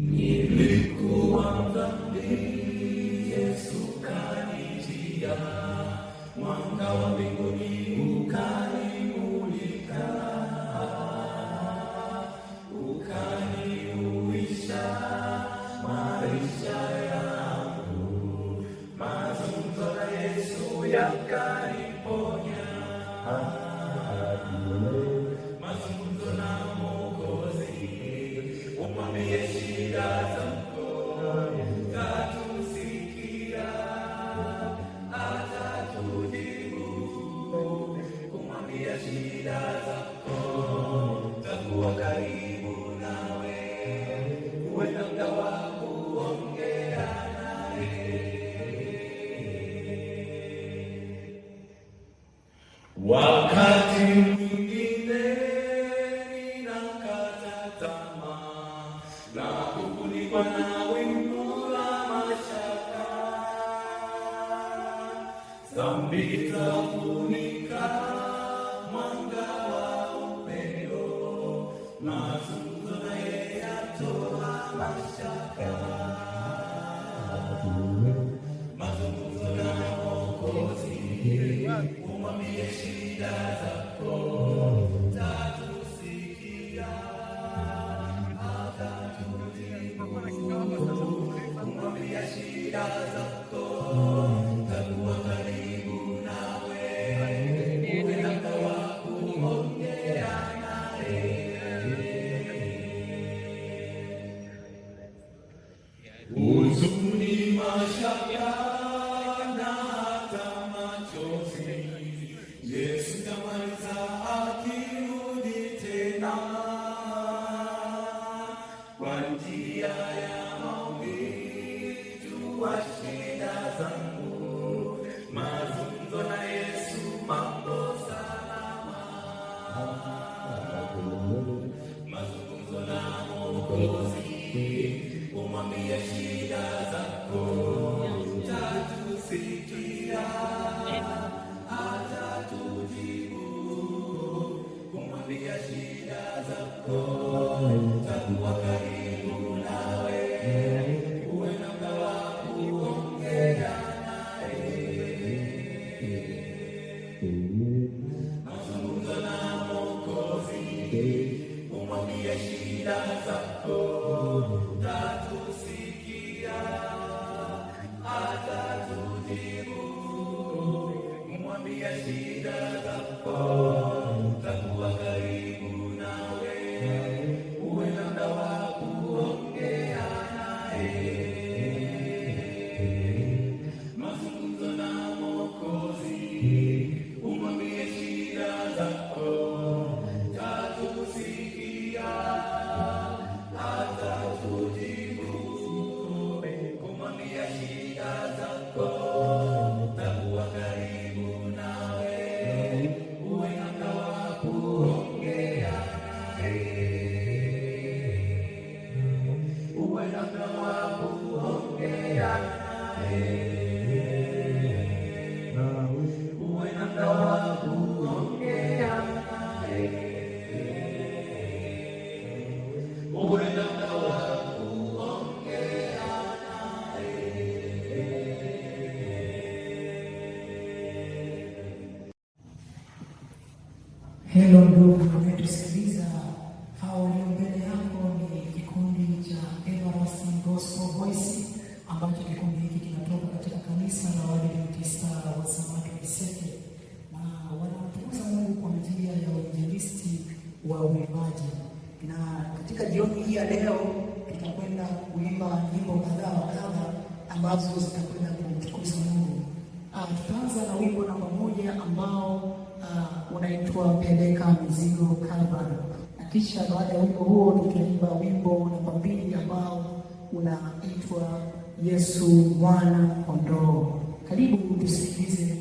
Nilikuwa dhambi, Yesu kanijia, mwanga wa mbinguni Wakati mwingine ninakata na kufunikwa na wingu la mashaka. uzuni mashaka Vida Hello ndugu unayetusikiliza, hao walio mbele yako ni kikundi cha Everlasting Gospel Voice ambacho kikundi hiki kinatoka katika kanisa la Waadventista wa Sabato Miseke, na wanamtukuza Mungu kwa njia ya uinjilisti wa uimbaji. Na katika jioni hii ya leo tutakwenda kuimba nyimbo kadhaa wa kadha ambazo zitakwenda kumtukuza Mungu. Ah, tutaanza na wimbo namba moja ambao uh, unaitwa peleka mizigo Calvary, na kisha baada ya wimbo huo tutaimba wimbo namba mbili ambao unaitwa Yesu mwana kondoo. Karibu tusikilize.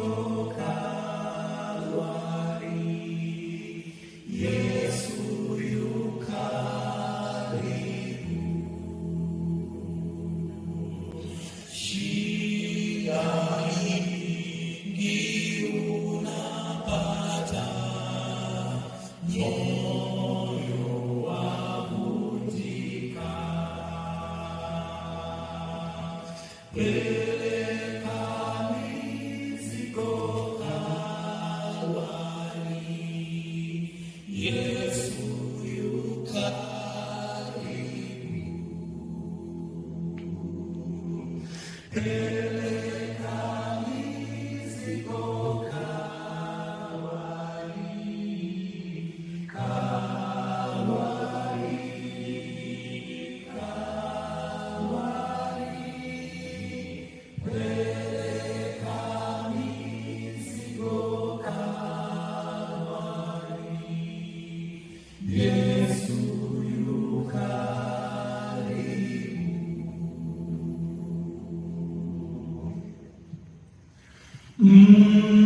Lord. Hey. Mm.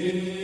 Yeah.